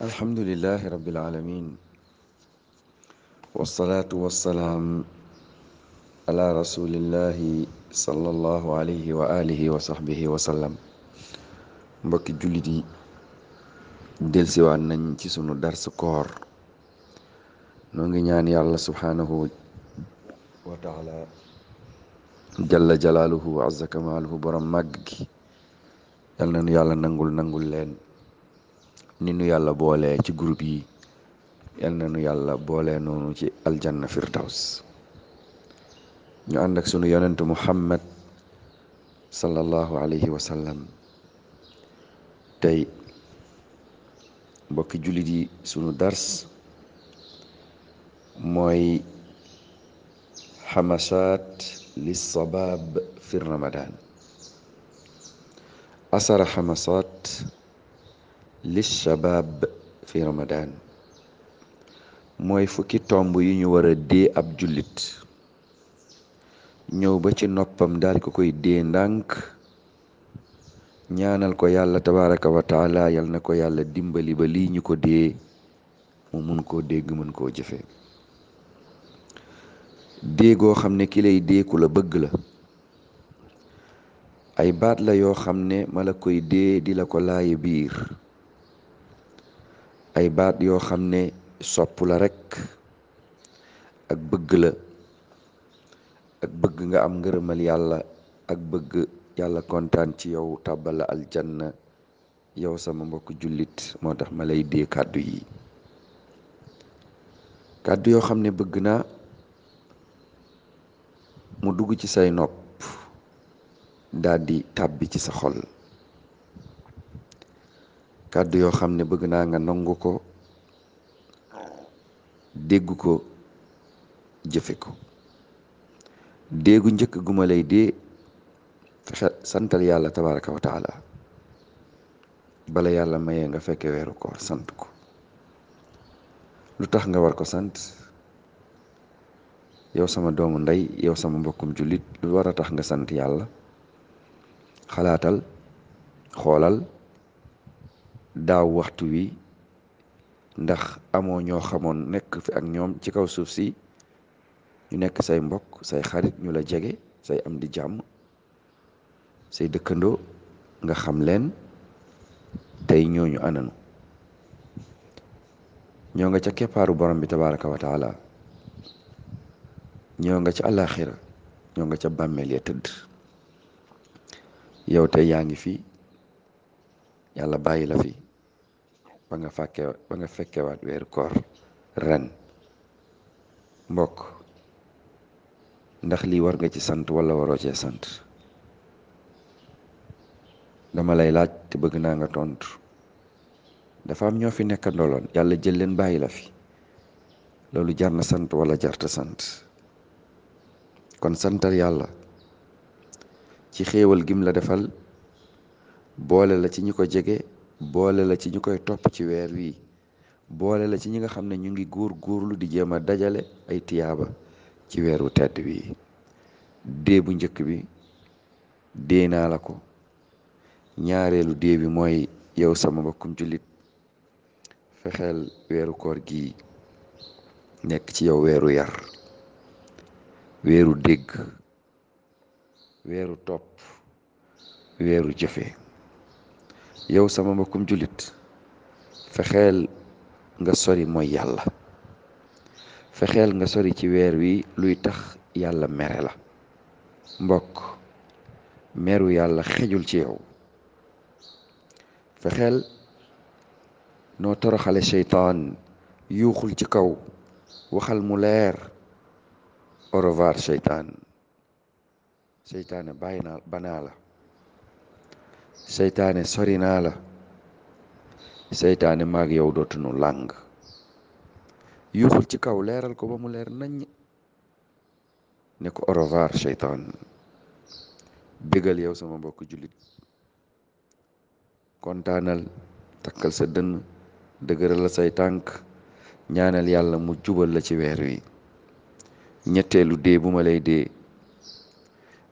alhamdulilahi rabbil alamin wasalaatu wasalaam ala rasulillahi sallallahu alayhi wa alihi wa sahbihi wa sallam mbokki jullit yi delsiwaat nañ ci sunu dars koor noo ngi ñaan yàlla subhaanahu wa taala jalla jalaaluhu azza kamaaluhu borom màgg gi yal na nu yàlla nangul nangul leen ni nu yàlla boole ci groupe yi yal na nu yàlla boole noonu ci aljana firdaws ñu àndak ak sunu yonent muhammad sallallahu alayhi wa sallam tey mbokki jullit yi sunu dars mooy xamasaat li sabaab fi ramadan asara xamasaat lishabab fi ramadan mooy fukki tomb yu ñu war a dee ab jullit ñëw ba ci noppam daal ko koy dee ndànk ñaanal ko yàlla tabaraka wa yal na ko yàlla dimbali ba lii ñu ko dee mu mun koo dégg mën koo jëfe dee goo xam ne ki lay ku la bëgg la ay baat la yoo xam ne mala koy dee di la ko laaye biir ay baat yoo xam ne sopp la rekk ak bëgg la ak bëgg nga am ngërëmal yàlla ak bëgg yàlla kontaan ci yow tàbbal la aljanna yow sama mbokk jullit moo tax ma lay dee kàddu yi kàddu yoo xam ne bëgg naa mu dugg ci say nopp daal di tàbbi ci sa xol kàddu yoo xam ne bëgg naa nga nangu ko déggu ko jëfe ko déggu njëkk guma lay dee santal yàlla tabaraka wa bala yàlla mayee nga fekke weeru ko sant ko lu tax nga war ko sant yow sama doomu ndey yow sama mbokkum jullit lu war a tax nga sant yàlla xalaatal xoolal daaw waxtu wi ndax amoo ñoo xamoon nekk fi ak ñoom ci kaw suuf si ñu nekk say mbokk say xarit ñu la jege say am di jàmm say dëkkandoo nga xam leen tey ñooñu ananu ñoo nga ca keppaaru borom bi tabaraka wa taala ñoo nga ca àllaaxira ñoo nga ca bàmmeel ya tëdd yow tey yaa ngi fii yàlla bàyyi la fi ba nga fàkke ba nga fekkewaat weeru koor ren mbokk ndax lii war nga ci sant wala waroo cee sant dama lay laaj te bëgg naa nga tontu dafa ñoo fi nekk ndooloon yàlla jël leen bàyyi la fi loolu jar na sant wala jarta sant kon santal yàlla ci xéewal gim la defal boole la ci ñi ko jege boole la ci ñi koy topp ci weer wii boole la ci ñi nga xam ne ñu ngi góor góorlu di jéem a dajale ay tiyaaba ci weer wu tedd wii dee bu njëkk bi dee naa la ko ñaareelu dee bi mooy yow sama mbokkum jullit fexeel weeru koor gi nekk ci yow weeru yar weeru dégg weeru topp weeru jëfe yow sama mbokkum jullit fexeel nga sori mooy yàlla fexeel nga sori ci weer wi luy tax yàlla mere la mbokk meru yàlla xejul ci yow fexeel noo toroxale seytaan yuuxul ci kaw waxal mu leer au revoir seytaan seytaane bàyyi naa banaa la seytaane sori naa la seytaane maag yow dootunu làng yuuxul ci kaw leeral ko ba mu leer naññ ne ko au seytaan bégal yow sama mbokk jullit kontaanal takkal sa dënn dëgëral la say tànk ñaanal yàlla mu jubal la ci weer wi ñetteelu dee bu ma lay dee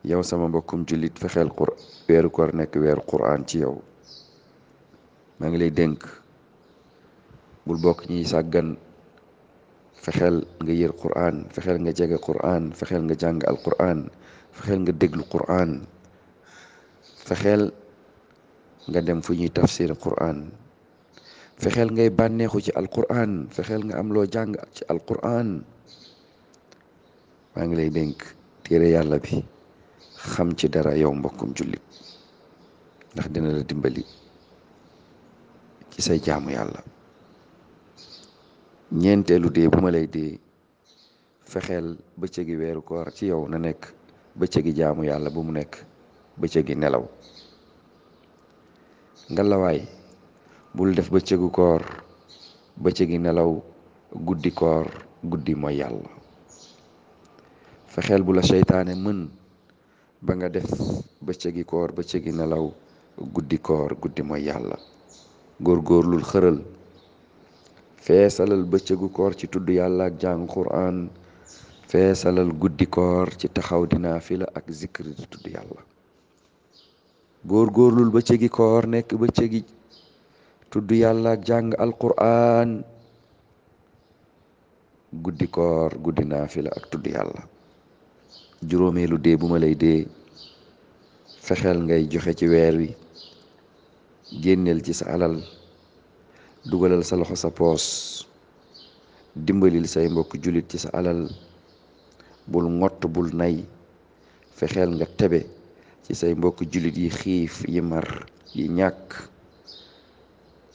yow sama mbokkum jullit fexeel xur weeru koor nekk weeru quran ci yow maa ngi lay dénk bul bokk ñiy sàggan fexeel nga yër quran fexeel nga jege quran fexeel nga jàng al quran fexeel nga déglu quran fexeel nga dem fu ñuy tafsir quran fexeel ngay bànneexu ci al quran fexeel nga am loo jàng ci al quran maa ngi lay dénk téere yàlla bi xam ci dara yow mbokkum jullit ndax dina la dimbali ci say jaamu yàlla ñeenteelu dee bu ma lay dee fexeel bëccëgi weeru koor ci yow na nekk bëccëgi jaamu yàlla bu mu nekk ba bëccëgi nelaw ngalawaay bul def bëccëgu koor bëccëgi nelaw guddi koor guddi mooy yàlla fexeel bu la seytaane mën ba nga def bëccëgi koor bëccëgi nelaw guddi koor guddi mooy yàlla góorgóorlul xëral feesalal bëccëgu koor ci tudd yàlla ak jàng quran feesalal guddi koor ci taxaw dinaa fi la ak zikr di tudd yàlla góorgóorlul bëccëgi koor nekk bëccëgi tudd yàlla ak jàng alquran guddi koor guddi naa fi la ak tudd yàlla juróomeelu dee bu ma lay dee fexeel ngay joxe ci weer wi génneel ci sa alal dugalal sa loxo sa poos dimbalil say mbokk jullit ci sa alal bul ngott bul nay fexeel nga tebe ci say mbokk jullit yi xiif yi mar yi ñàkk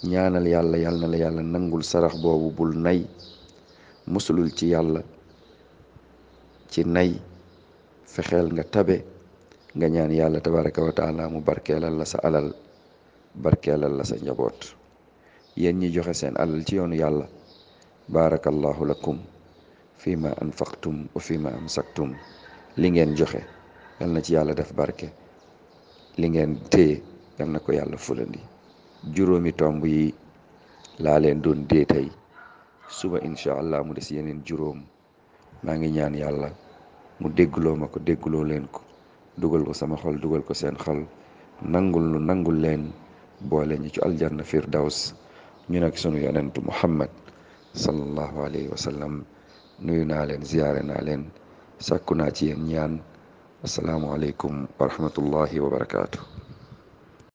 ñaanal yàlla yàlla na la yàlla nangul sarax boobu bul nay musulul ci yàlla ci nay fexeel nga tabe nga ñaan yàlla tabaraka wa mu barkeelal la sa alal barkeelal la sa njaboot yéen ñi joxe seen alal ci yoonu yàlla barakallahu lakum fii ma anfaqtum wa fii ma amsaktum li ngeen joxe yal na ci yàlla def barke li ngeen téye yal na ko yàlla fulandi juróomi tomb yi laa leen suba incha allah mu des yeneen juróom maa ngi ñaan yàlla mu déggloo ma ko déggloo leen ko dugal ko sama xol dugal ko seen xol nangul nu nangul leen boole ñi ci aljanna firdaws ñu nag sunu yonentu muhammad sallallahu alayhi wa sallam nuyu naa leen ziyaare naa leen sàkku naa ci yéen ñaan asalaamualeykum wa rahmatullahi wa barakaatu.